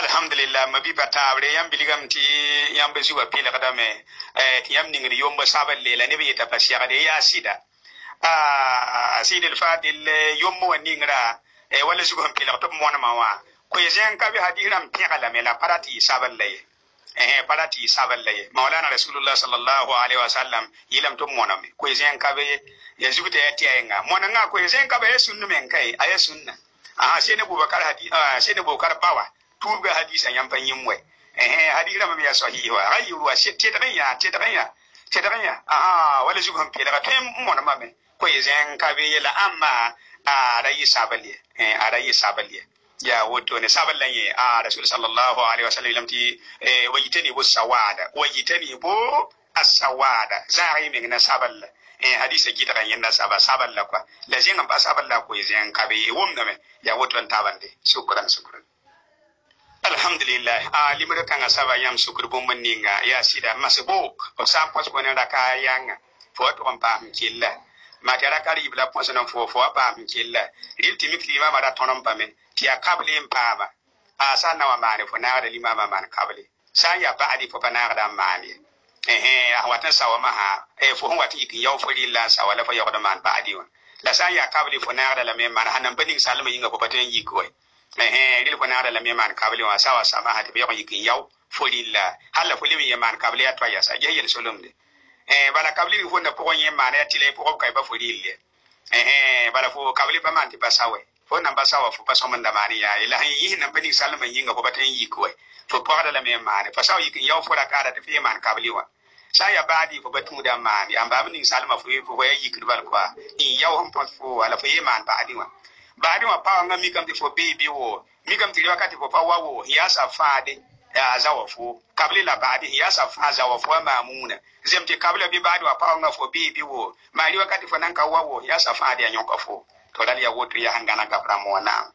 alhamdulillah mabiba taabre yãmb bilgame tɩ yãmb zuga pɩlgdame tɩ eh, yãmb ningd yomb sabl leela neb yeta pa segde yaa sɩda ah, sɩd lfadil eh, yomb wã ningra eh, wala zugu sẽn pɩlg tɩ b mõnemã wã koe zẽn ka be hadis rãmb pẽga lame la para tɩ y eh para sabal la maulana rasulullah sallallahu alaihi wasallam yilam to moname ko zen kabe ya zugute ya tiyenga monanga ko zen kabe ya sunnu men kai aya sunna ah sai bubakar hadi ah sai bubakar bawa tuubga eh, eh, hadis a yãmb pa yĩm wɛ hadis rãmbã me yaa sahih wa ga wa tɩdg n yaa tɩdg n yaa tɩdg n yaa wala zugu sẽn peelga tõe n mõnema me zẽng ka be yela ãmma ada yɩ sabl ye ada yɩ sabl ye ya woto ne sabal lan ye a ah, rasul sallallahu alaihi wasallam lamti eh, wajitani bu sawada wajitani bu as-sawada zari min na sabal eh hadisa kita kan yanda saba sabal la kwa lazin ba sabal la ko yin kabe wum na me ya woto tan shukran shukran alhamdulillah a ah, limr kãngã saba yam sukr bũmb n ninga yaa sɩda masbo f sã n põs bõne raka a yãnga fo wa tog n paam kella maata raka fo fo wa paam kella rɩl tɩ mik limaamã ra tõr n bame tɩ yaa kable n a sã na wa maane fo naagda limaamã maan kable sã n yaa ba'adi fo pa naagda n maan ye a wat n sawa masã fo sẽn wat n yik n yao fo rɩl la sawa la fo yaoogd n maan ba'adi wã la sã n kable fo naagda lame n maan sã nan pa salma yĩnga fo pa tõe n yik rel fo naara la me maan kable wã sawa sãma tɩ b yag n yik n yao fo rilla halla fo leb n yẽ maan kable yaa toa yasa ges yel solemde bala kable bɩ fõnda pʋgẽ yẽ maana yaa tɩla pʋgb ka y ba fo rill bala fo kable pa maan tɩ pa sa wɛ fo nan ba sawa fo pa sõmenda maan yaa la n yɩs nan pa ninsalema yĩnga fo pa tõe n yik wɛ fo pɔgda la me maane pa sa wa yik n yao fo rakaada tɩ fo yẽ maan kable wã sã n ya baadi fo ba tũuda n maane ãmbaab ninsalema fo ya yikd bal koa n yao sẽn põt fo wala fo yẽ maan baadi wã bari wapawanga mikam tɩ fo beebe wo mikam tɩ wakati fo pa wa wo ya sa fãade zawa fo kabile la baadi ya sa fãa zawa fo a maamuna zem tɩ kabila bɩ baadi wa pawanga fo beebe wo maari wakati fo nan ka wa wo ya sa fãade a yõka fo tɩ ra ya woto yaa sẽn gãna gab rãmb